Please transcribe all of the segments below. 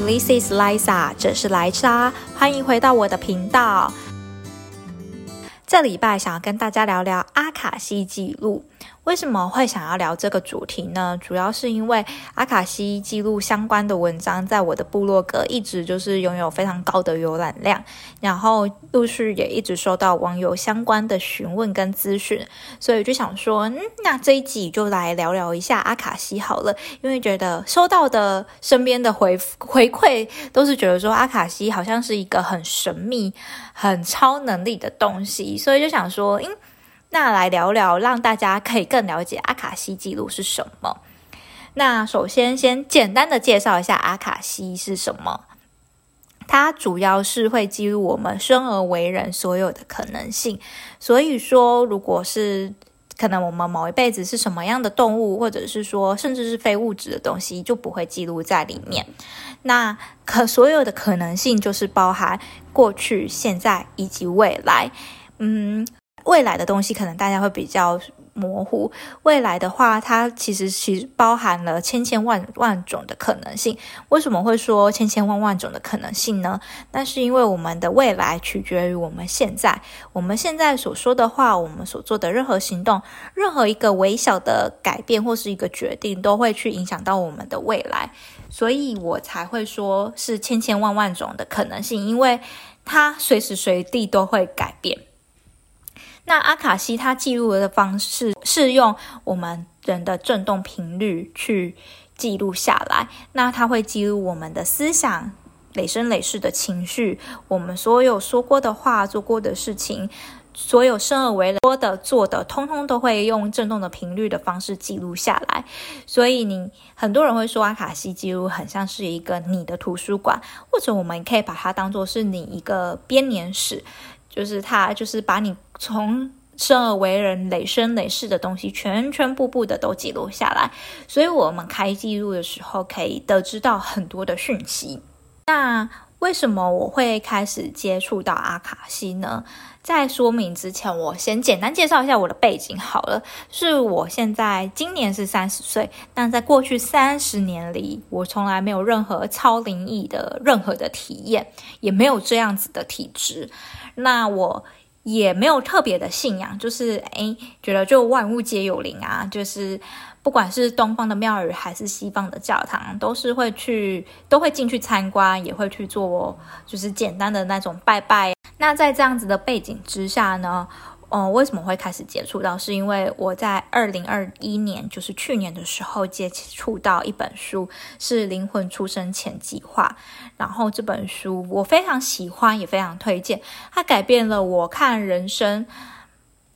This is Liza，這是萊莎，歡迎回到我的頻道。這禮拜想要跟大家聊聊阿卡西記錄。為什麼會想要聊這個主題呢？主要是因為阿卡西記錄相關的文章，在我的部落格一直就是擁有非常高的瀏覽量，然後陸續也一直收到網友相關的詢問跟諮詢。所以就想說，嗯，那這一集就來聊聊一下阿卡西好了，因為覺得收到的身邊的回回饋都是覺得說阿卡西好像是一個很神秘、很超能力的東西，所以就想說，嗯。那來聊聊，讓大家可以更了解阿卡西記錄是什麼。那首先，先簡單的介紹一下阿卡西是什麼。它主要是會記錄我們生而為人所有的可能性。所以說，如果是可能我們某一輩子是什麼樣的動物，或者是說甚至是非物質的東西，就不會記錄在裡面。那可所有的可能性就是包含過去、現在以及未來。嗯。未來的東西可能大家會比較模糊。未來的話，它其實其實包含了千千萬萬種的可能性。為什麼會說千千萬萬種的可能性呢？那是因為我們的未來取決於我們現在。我們現在所說的話，我們所做的任何行動，任何一個微小的改變或是一個決定，都會去影響到我們的未來。所以我才會說是千千萬萬種的可能性，因為它隨時隨地都會改變。那阿卡西它記錄的方式是用我們人的振動頻率去記錄下來。那它會記錄我們的思想、累生累世的情緒，我們所有說過的話、做過的事情，所有生而為人說的、做的，通通都會用振動的頻率的方式記錄下來。所以你，你很多人會說阿卡西記錄很像是一個你的圖書館，或者我們可以把它當做是你一個編年史。就是他，就是把你從生而為人累生累世的東西，全全部部的都記錄下來，所以我們開記錄的時候，可以得知到很多的訊息。那為什麼我會開始接觸到阿卡西呢？在說明之前，我先簡單介紹一下我的背景好了。是我現在今年是三十歲，但在過去三十年裡，我從來沒有任何超靈異的任何的體驗，也沒有這樣子的體質。那我也沒有特別的信仰，就是誒，覺得就萬物皆有靈啊，就是。不管是東方的廟宇還是西方的教堂，都是會去，都會進去參觀，也會去做，就是簡單的那種拜拜。那在這樣子的背景之下呢，嗯、呃，為什麼會開始接觸到？是因為我在二零二一年，就是去年的時候接觸到一本書，是《靈魂出生前計劃》。然後這本書我非常喜歡，也非常推薦。它改變了我看人生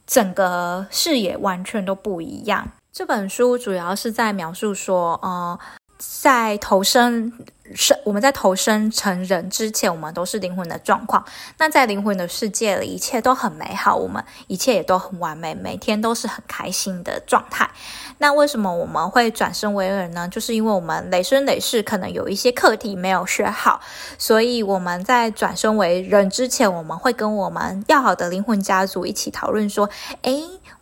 整個視野，完全都不一樣。這本書主要是在描述說，呃，在投身。是，我們在投生成人之前，我們都是靈魂的狀況。那在靈魂的世界裡，一切都很美好，我們一切也都很完美，每天都是很開心的狀態。那為什麼我們會轉生為人呢？就是因為我們累生累世可能有一些課題沒有學好，所以我們在轉生為人之前，我們會跟我們要好的靈魂家族一起討論說：“哎，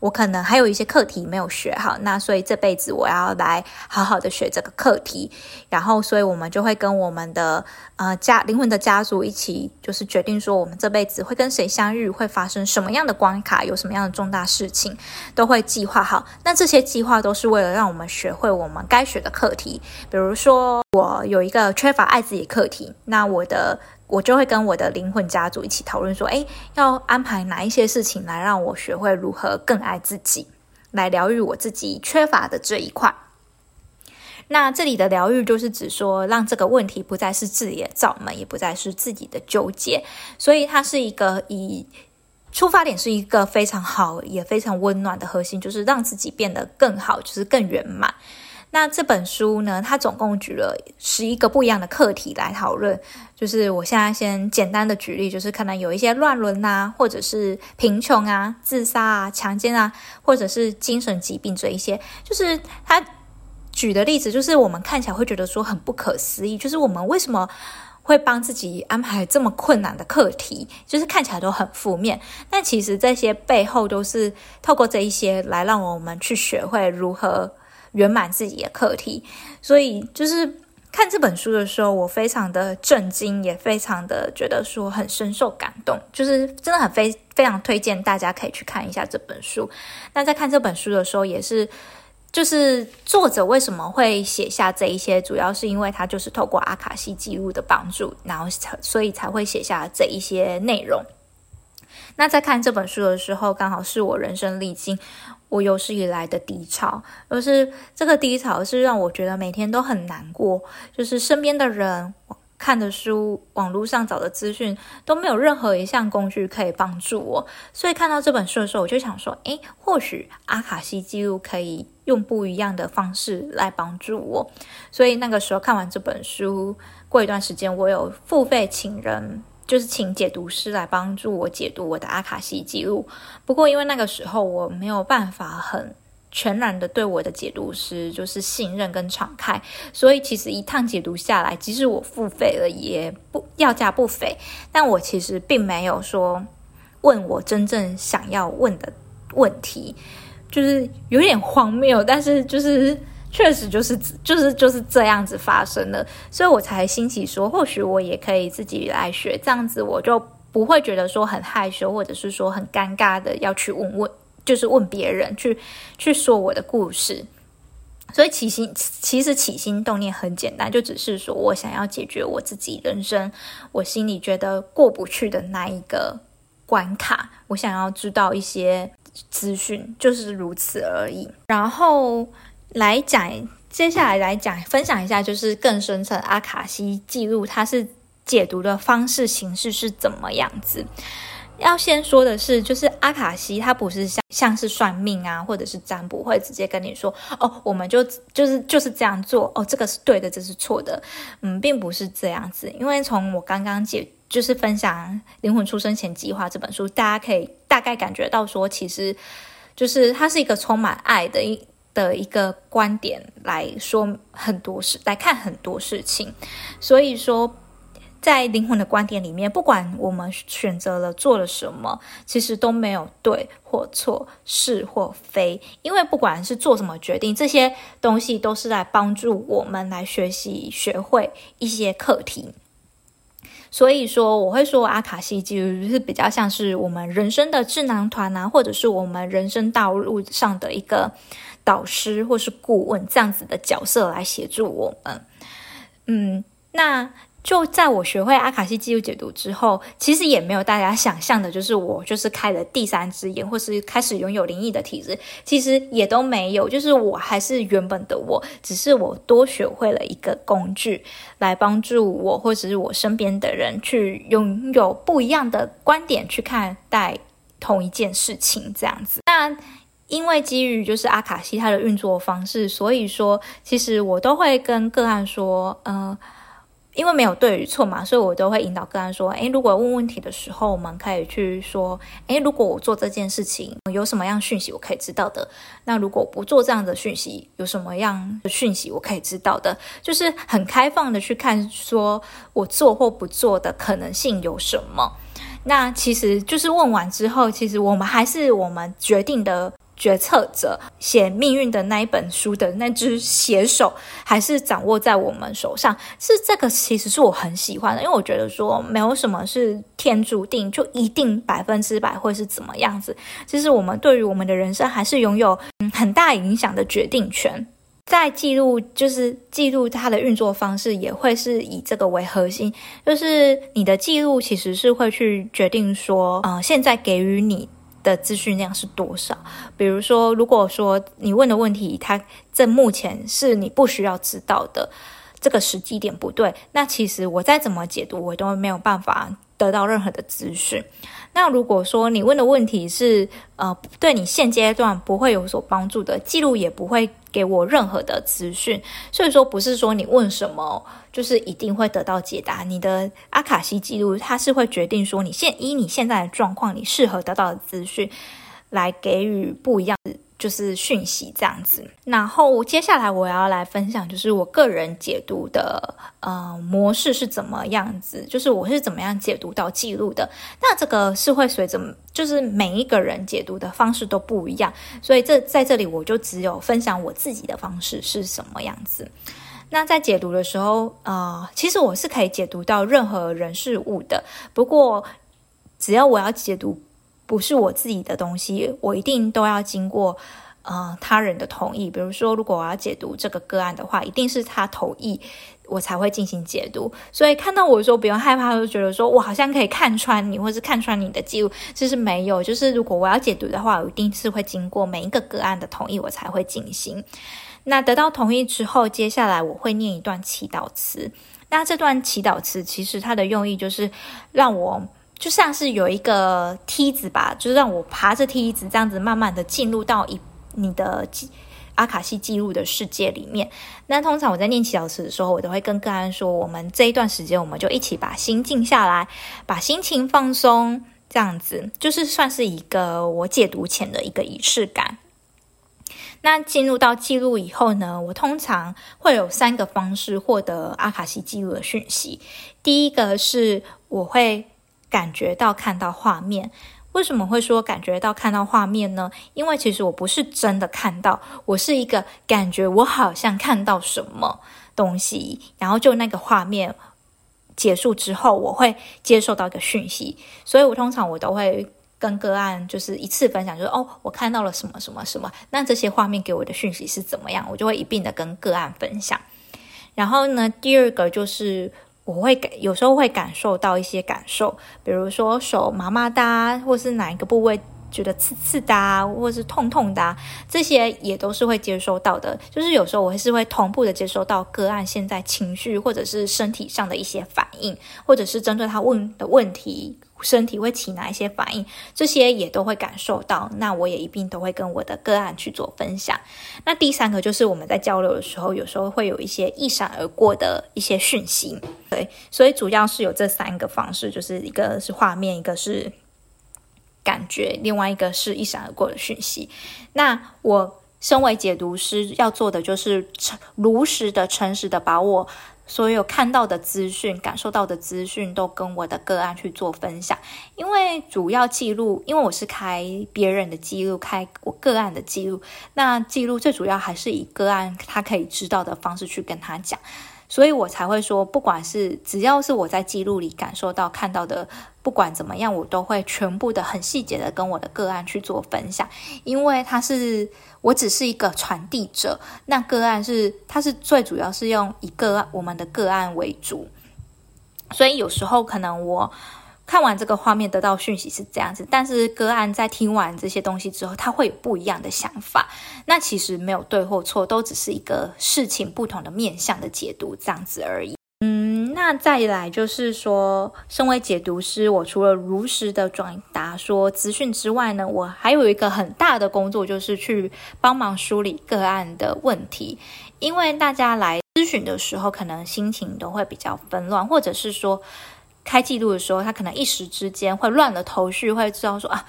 我可能還有一些課題沒有學好，那所以這輩子我要來好好的學這個課題。”然後，所以我們就會。跟我們的呃家靈魂的家族一起，就是決定說我們這輩子會跟誰相遇，會發生什麼樣的關卡，有什麼樣的重大事情，都會計劃好。那這些計劃都是為了讓我們學會我們該學的課題。比如說，我有一個缺乏愛自己的課題，那我的我就會跟我的靈魂家族一起討論說，誒，要安排哪一些事情來讓我學會如何更愛自己，來療癒我自己缺乏的這一塊。那這裡的療癒就是指說，讓這個問題不再是自己的罩門，也不再是自己的糾結，所以它是一個以出發點是一個非常好也非常溫暖的核心，就是讓自己變得更好，就是更圓滿。那這本書呢，它總共舉了十一個不一樣的課題來討論，就是我現在先簡單的舉例，就是可能有一些亂倫吶、啊，或者是貧窮啊、自殺啊、強姦啊，或者是精神疾病這一些，就是它。舉的例子，就是我們看起來會覺得說很不可思議，就是我們為什麼會幫自己安排這麼困難的課題，就是看起來都很負面，但其實這些背後都是透過這一些來讓我們去學會如何圓滿自己的課題。所以，就是看這本書的時候，我非常的震驚，也非常的覺得說很深受感動，就是真的很非非常推薦大家可以去看一下這本書。那在看這本書的時候，也是。就是作者為什麼會寫下這一些，主要是因為他就是透過阿卡西記錄的幫助，然後才所以才會寫下這一些內容。那在看這本書的時候，剛好是我人生歷經我有史以來的低潮，而是這個低潮是讓我覺得每天都很難過，就是身邊的人。看的書、網絡上找的資訊都沒有任何一項工具可以幫助我，所以看到這本書的時候，我就想說：誒，或許阿卡西記錄可以用不一樣的方式來幫助我。所以那個時候看完這本書，過一段時間，我有付費請人，就是請解讀師來幫助我解讀我的阿卡西記錄。不過因為那個時候我沒有辦法很。全然的對我的解讀是，就是信任跟敞開。所以其實一趟解讀下來，即使我付費了，也不要價不菲，但我其實並沒有說問我真正想要問的問題，就是有點荒謬。但是就是確實就是就是，就是，就是這樣子發生的，所以我才興起說，或許我也可以自己來學，這樣子我就不會覺得說很害羞，或者是說很尷尬的要去問問就是問別人去去說我的故事，所以起心其實起心動念很簡單，就只是說我想要解決我自己人生我心裡覺得過不去的那一個關卡，我想要知道一些資訊，就是如此而已。然後來講接下來來講分享一下，就是更深層的阿卡西記錄它是解讀的方式形式是怎麼樣子。要先說的是，就是阿卡西，他不是像像是算命啊，或者是占卜，會直接跟你說，哦，我們就就是就是這樣做，哦，這個是對的，這是錯的，嗯，並不是這樣子，因為從我剛剛解就是分享《靈魂出生前計劃》這本書，大家可以大概感覺到說，其實就是它是一個充滿愛的一的一個觀點來說很多事來看很多事情，所以說。在靈魂的觀點裡面，不管我們選擇了做了什麼，其實都沒有對或錯，是或非。因為不管是做什麼決定，這些東西都是來幫助我們來學習、學會一些課題。所以說，我會說阿卡西記錄是比較像是我們人生的智囊團啊，或者是我們人生道路上的一個導師或是顧問這樣子的角色來協助我們。嗯，那。就在我學會阿卡西記錄解讀之後，其實也沒有大家想象的，就是我就是開了第三隻眼，或是開始擁有靈異的體質，其實也都沒有。就是我還是原本的我，只是我多學會了一個工具來幫助我，或者是我身邊的人去擁有不一樣的觀點去看待同一件事情。這樣子，那因為基於就是阿卡西它的運作方式，所以說其實我都會跟個案說，嗯、呃。因為沒有對與錯嘛，所以我都會引導個案說，誒，如果問問題的時候，我們可以去說，誒，如果我做這件事情，有什麼樣訊息我可以知道的？那如果我不做這樣的訊息，有什麼樣的訊息我可以知道的？就是很開放的去看說，說我做或不做的可能性有什麼？那其實就是問完之後，其實我們還是我們決定的。決策者寫命運的那一本書的那隻寫手，還是掌握在我們手上？是這個，其實是我很喜歡的，因為我覺得說沒有什麼是天注定，就一定百分之百會是怎麼樣子。其實我們對於我們的人生，還是擁有很大影響的決定權。在記錄，就是記錄它的運作方式，也會是以這個為核心。就是你的記錄，其實是會去決定說，呃，現在給予你，的資訊量是多少？比如說，如果說你問的問題，它在目前是你不需要知道的，這個時機點不對，那其實我再怎麼解讀，我都沒有辦法得到任何的資訊。那如果說你問的問題是呃，對你現階段不會有所幫助的，記錄也不會。給我任何的資訊，所以說不是說你問什麼，就是一定會得到解答。你的阿卡西記錄，它是會決定說你現依你現在的狀況，你適合得到的資訊，來給予不一樣的就是訊息這樣子，然後接下來我要來分享，就是我個人解讀的呃模式是怎麼樣子，就是我是怎麼樣解讀到記錄的。那這個是會隨着，就是每一個人解讀的方式都不一樣，所以這在這裡我就只有分享我自己的方式是什麼樣子。那在解讀的時候，呃，其實我是可以解讀到任何人事物的，不過只要我要解讀。不是我自己的東西，我一定都要經過呃他人的同意。比如說，如果我要解讀這個個案的話，一定是他同意我才會進行解讀。所以看到我說不用害怕，就覺得說我好像可以看穿你，或是看穿你的記錄，其實沒有。就是如果我要解讀的話，我一定是會經過每一個個案的同意，我才會進行。那得到同意之後，接下來我會念一段祈禱詞。那這段祈禱詞其實它的用意就是讓我。就像是有一個梯子吧，就是讓我爬着梯子這樣子，慢慢的進入到一你的阿卡西記錄的世界裡面。那通常我在念祈禱詞的時候，我都會跟個案說，我們這一段時間，我們就一起把心靜下來，把心情放鬆，這樣子就是算是一個我解讀前的一個儀式感。那進入到記錄以後呢，我通常會有三個方式獲得阿卡西記錄的訊息。第一個是我會。感覺到看到畫面，為什麼會說感覺到看到畫面呢？因為其實我不是真的看到，我是一個感覺我好像看到什麼東西，然後就那個畫面結束之後，我會接受到一個訊息。所以我通常我都會跟個案就是一次分享，就是，說哦，我看到了什麼什麼什麼，那這些畫面給我的訊息是怎麼樣，我就會一併的跟個案分享。然後呢，第二個就是。我會感，有時候會感受到一些感受，比如說手麻麻的啊，或是哪一個部位覺得刺刺的啊，或是痛痛的啊，這些也都是會接收到的。就是有時候我是會同步的接收到個案現在情緒或者是身體上的一些反應，或者是針對他問的問題。身體會起哪一些反應，這些也都會感受到。那我也一併都會跟我的個案去做分享。那第三個就是我們在交流的時候，有時候會有一些一閃而過的一些訊息。對，所以主要是有這三個方式，就是一個是畫面，一個是感覺，另外一個是一閃而過的訊息。那我身為解讀師要做的就是誠如實的、誠實的把我。所有看到的資訊、感受到的資訊，都跟我的個案去做分享。因為主要記錄，因為我是開別人的記錄，開我個案的記錄。那記錄最主要還是以個案他可以知道的方式去跟他講，所以我才會說，不管是只要是我在記錄裡感受到看到的。不管怎麼樣，我都會全部的很細節的跟我的個案去做分享，因為他是我只是一個傳遞者，那個案是它是最主要是用一個案我們的個案為主，所以有時候可能我看完這個畫面得到訊息是這樣子，但是個案在聽完這些東西之後，他會有不一樣的想法，那其實沒有對或錯，都只是一個事情不同的面向的解讀這樣子而已。那再來就是說，身為解讀師，我除了如實的轉達說資訊之外呢，我還有一個很大的工作，就是去幫忙梳理個案的問題。因為大家來諮詢的時候，可能心情都會比較紛亂，或者是說開記錄的時候，他可能一時之間會亂了頭緒，會知道說啊，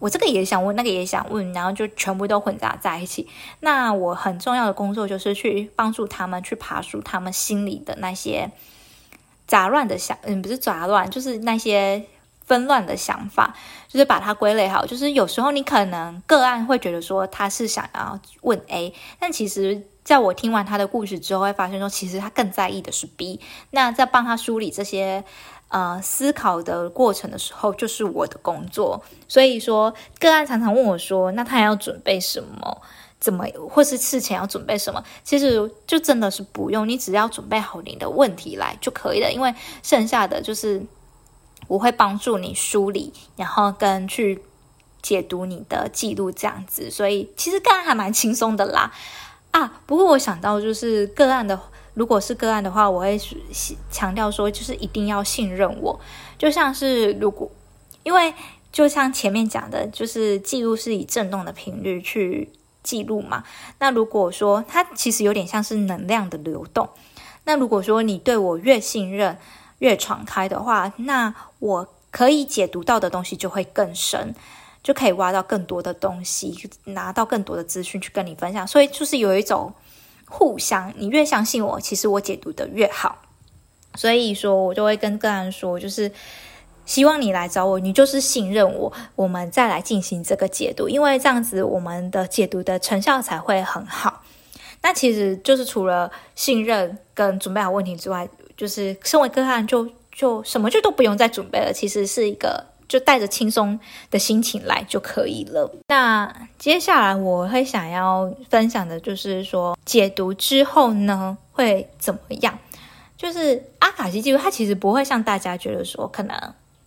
我這個也想問，那個也想問，然後就全部都混雜在一起。那我很重要的工作就是去幫助他們去爬梳他們心裡的那些。雜亂的想，嗯，不是雜亂，就是那些紛亂的想法，就是把它歸類好。就是有時候你可能個案會覺得說他是想要問 A，但其實在我聽完他的故事之後，會發現說其實他更在意的是 B。那在幫他梳理這些呃思考的過程的時候，就是我的工作。所以說，個案常常問我說，那他要準備什麼？怎麼，或是事前要準備什麼？其實就真的是不用，你只要準備好你的問題來就可以了。因為剩下的就是我會幫助你梳理，然後跟去解讀你的記錄這樣子。所以其實個案還蠻輕鬆的啦。啊，不過我想到就是個案的，如果是個案的話，我會強調說，就是一定要信任我。就像是如果，因為就像前面講的，就是記錄是以震動的頻率去。記錄嘛，那如果說它，其實有點像是能量的流動，那如果說你對我越信任，越敞開的話，那我可以解讀到的東西就會更深，就可以挖到更多的東西，拿到更多的資訊去跟你分享。所以就是有一種互相，你越相信我，其實我解讀得越好。所以說，我就會跟個案說，就是，希望你來找我，你就是信任我，我們再來進行這個解讀，因為這樣子我們的解讀的成效才會很好。那其實就是除了信任跟準備好問題之外，就是身為個案，就就什麼就都不用再準備了，其實是一個就帶着輕鬆的心情來就可以了。那接下來我會想要分享的就是說，解讀之後呢，會怎麼樣？就是阿卡西記錄，它其實不會像大家覺得說可能。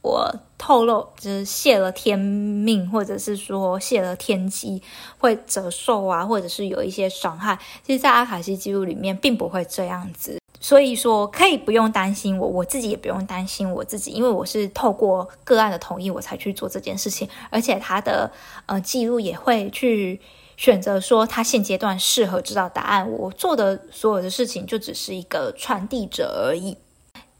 我透露，就是洩了天命，或者是說洩了天機，會折壽啊，或者是有一些傷害。其實，在阿卡西記錄裡面，並不會這樣子，所以說可以不用擔心我，我自己也不用擔心我自己，因為我是透過個案的同意，我才去做這件事情，而且他的呃記錄也會去選擇說他現階段適合知道答案。我做的所有的事情，就只是一個傳遞者而已。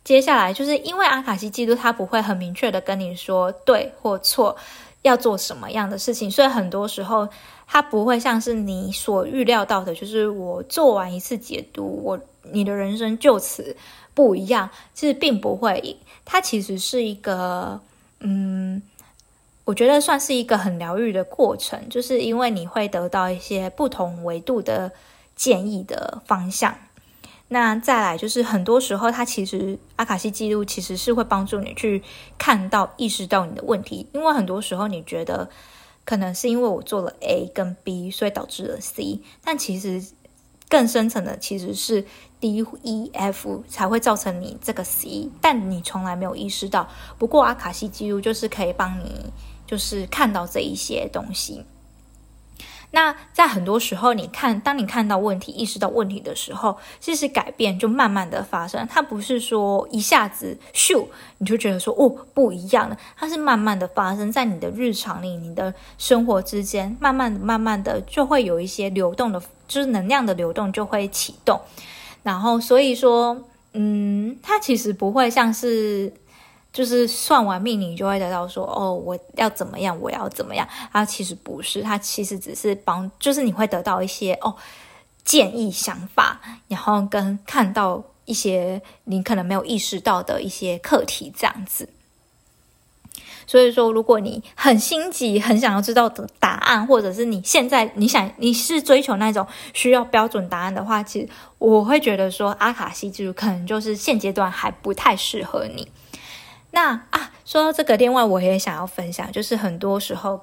接下來就是因為阿卡西記錄，他不會很明確的跟你說對或錯，要做什麼樣的事情。所以很多時候，他不會像是你所預料到的，就是我做完一次解讀，我你的人生就此不一樣。其實並不會，他其實是一個，嗯，我覺得算是一個很療癒的過程，就是因為你會得到一些不同維度的建議的方向。那再來就是，很多時候，它其實阿卡西記錄其實是會幫助你去看到、意識到你的問題，因為很多時候你覺得可能是因為我做了 A 跟 B，所以導致了 C，但其實更深層的其實是 D、E、F 才會造成你這個 C，但你從來沒有意識到。不過阿卡西記錄就是可以幫你，就是看到這一些東西。那在很多時候，你看，當你看到問題、意識到問題的時候，其實改變就慢慢的發生。它不是說一下子咻，你就覺得說哦，不一樣了，它是慢慢的發生在你的日常裡、你的生活之間，慢慢的、慢慢的就會有一些流動的，就是能量的流動就會啟動。然後所以說，嗯，它其實不會像是。就是算完命，你就會得到說哦，我要怎麼樣，我要怎麼樣啊？它其實不是，它其實只是幫，就是你會得到一些哦建議、想法，然後跟看到一些你可能沒有意識到的一些課題這樣子。所以說，如果你很心急，很想要知道的答案，或者是你現在你想你是追求那種需要標準答案的話，其實我會覺得說阿卡西就是可能就是現階段還不太適合你。那啊，說到這個另外，我也想要分享，就是很多時候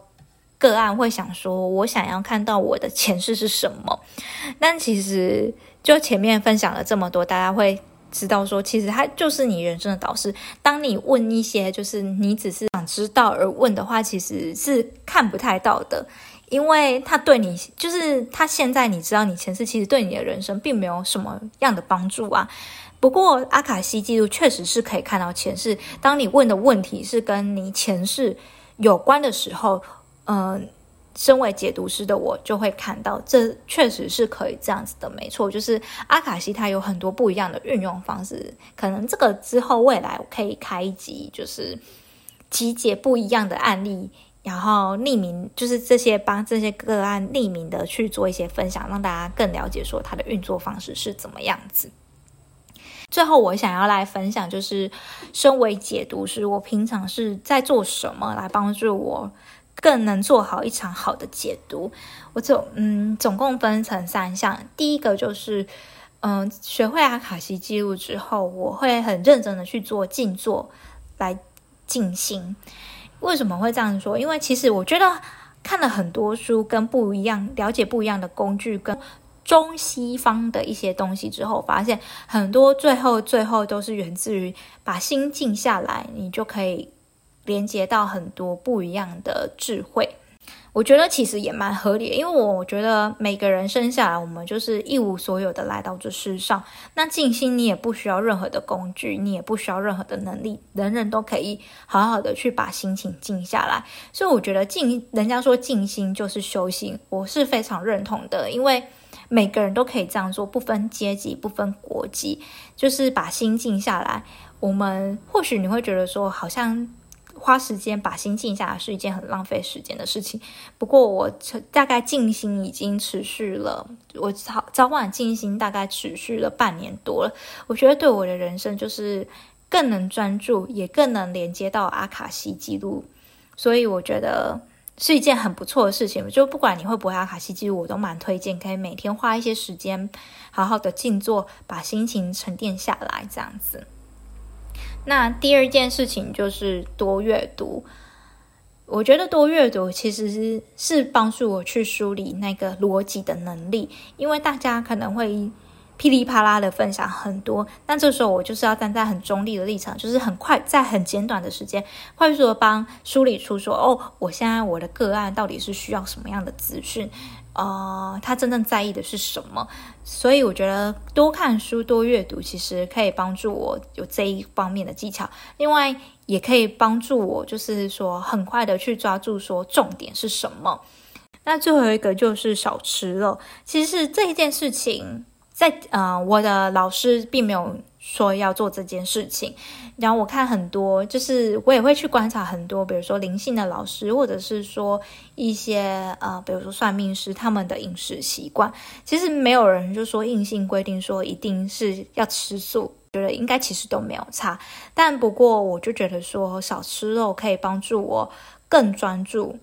個案會想說，我想要看到我的前世是什麼。但其實就前面分享了這麼多，大家會知道說，其實他就是你人生的導師。當你問一些就是你只是想知道而問的話，其實是看不太到的，因為他對你就是他現在你知道你前世，其實對你的人生並沒有什麼樣的幫助啊。不過，阿卡西記錄確實是可以看到前世。當你問的問題是跟你前世有關的時候，嗯、呃，身為解讀師的我就會看到，這確實是可以這樣子的，沒錯。就是阿卡西它有很多不一樣的運用方式，可能這個之後未來我可以開一集，就是集結不一樣的案例，然後匿名，就是這些幫這些個案匿名的去做一些分享，讓大家更了解說它的運作方式是怎麼樣子。最後，我想要來分享，就是身為解讀師，我平常是在做什麼來幫助我更能做好一場好的解讀我？我總嗯，總共分成三項。第一個就是，嗯，學會阿卡西記錄之後，我會很認真的去做靜坐來靜心。為什麼會這樣說？因為其實我覺得看了很多書，跟不一樣，了解不一樣的工具跟。中西方的一些東西之後，發現很多最後最後都是源自於把心靜下來，你就可以連接到很多不一樣的智慧。我覺得其實也蠻合理的，因為我覺得每個人生下來，我們就是一無所有的來到這世上。那靜心，你也不需要任何的工具，你也不需要任何的能力，人人都可以好好的去把心情靜下來。所以我覺得靜，人家說靜心就是修行，我是非常認同的，因為每個人都可以這樣做，不分階級，不分國籍，就是把心靜下來。我們或許你會覺得說，好像花時間把心靜下來是一件很浪費時間的事情。不過我大概靜心已經持續了，我早早晚靜心大概持續了半年多了。我覺得對我的人生就是更能專注，也更能連接到阿卡西紀錄。所以我覺得。是一件很不錯的事情，就不管你會不會阿卡西紀錄，我都蠻推薦，可以每天花一些時間，好好的靜坐，把心情沉澱下來，這樣子。那第二件事情就是多閱讀，我覺得多閱讀其實是，是幫助我去梳理那個邏輯的能力，因為大家可能會。噼裡啪啦的分享很多，但這時候我就是要站在很中立的立場，就是很快在很簡短的時間快速的幫梳理出說哦，我現在我的個案到底是需要什麼樣的資訊，啊、呃，他真正在意的是什麼？所以我覺得多看書、多閱讀，其實可以幫助我有這一方面的技巧，另外也可以幫助我就是說很快的去抓住說重點是什麼。那最後一個就是少吃了，其實這一件事情。在呃，我的老師並沒有說要做這件事情。然後我看很多，就是我也會去觀察很多，比如說靈性的老師，或者是說一些呃，比如說算命師，他們的飲食習慣，其實沒有人就說硬性規定說一定是要吃素。覺得應該其實都沒有差，但不過我就覺得說少吃肉可以幫助我更專注，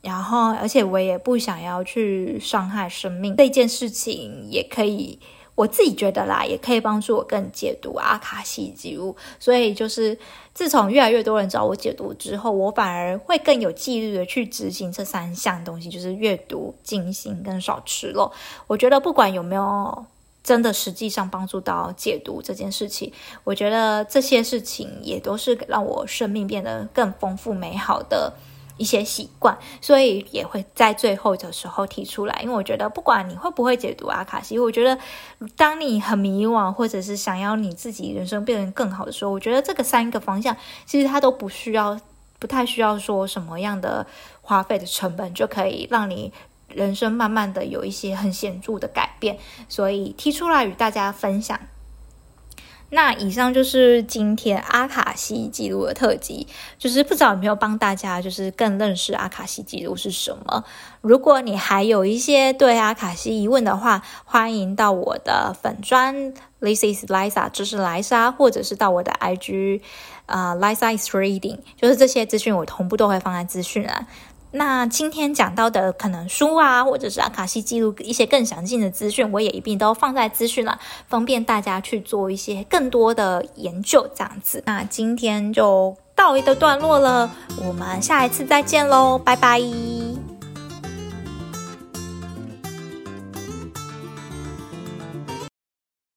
然後而且我也不想要去傷害生命這件事情也可以。我自己覺得啦，也可以幫助我更解讀阿卡西記錄。所以就是，自從越來越多人找我解讀之後，我反而會更有紀律的去執行這三項東西，就是閱讀、靜心跟少吃肉。我覺得不管有沒有真的實際上幫助到解讀這件事情，我覺得這些事情也都是讓我生命變得更豐富美好的。一些習慣，所以也會在最後的時候提出來。因為我覺得，不管你會不會解讀阿卡西，我覺得當你很迷惘，或者是想要你自己人生變得更好的時候，我覺得這個三個方向其實它都不需要，不太需要說什麼樣的花費的成本，就可以讓你人生慢慢的有一些很顯著的改變，所以提出來與大家分享。那以上就是今天阿卡西記錄的特輯，就是不知道有沒有幫大家就是更認識阿卡西記錄是什麼。如果你還有一些對阿卡西疑問的話，歡迎到我的粉專，This is Liza，就是萊莎，或者是到我的 IG，啊、uh, Liza is reading，就是這些資訊我同步都會放在資訊啊。那今天講到的可能書啊，或者是阿卡西記錄一些更詳盡的資訊，我也一併都放在資訊欄，方便大家去做一些更多的研究，這樣子。那今天就到一個段落了，我們下一次再見嘍，拜拜。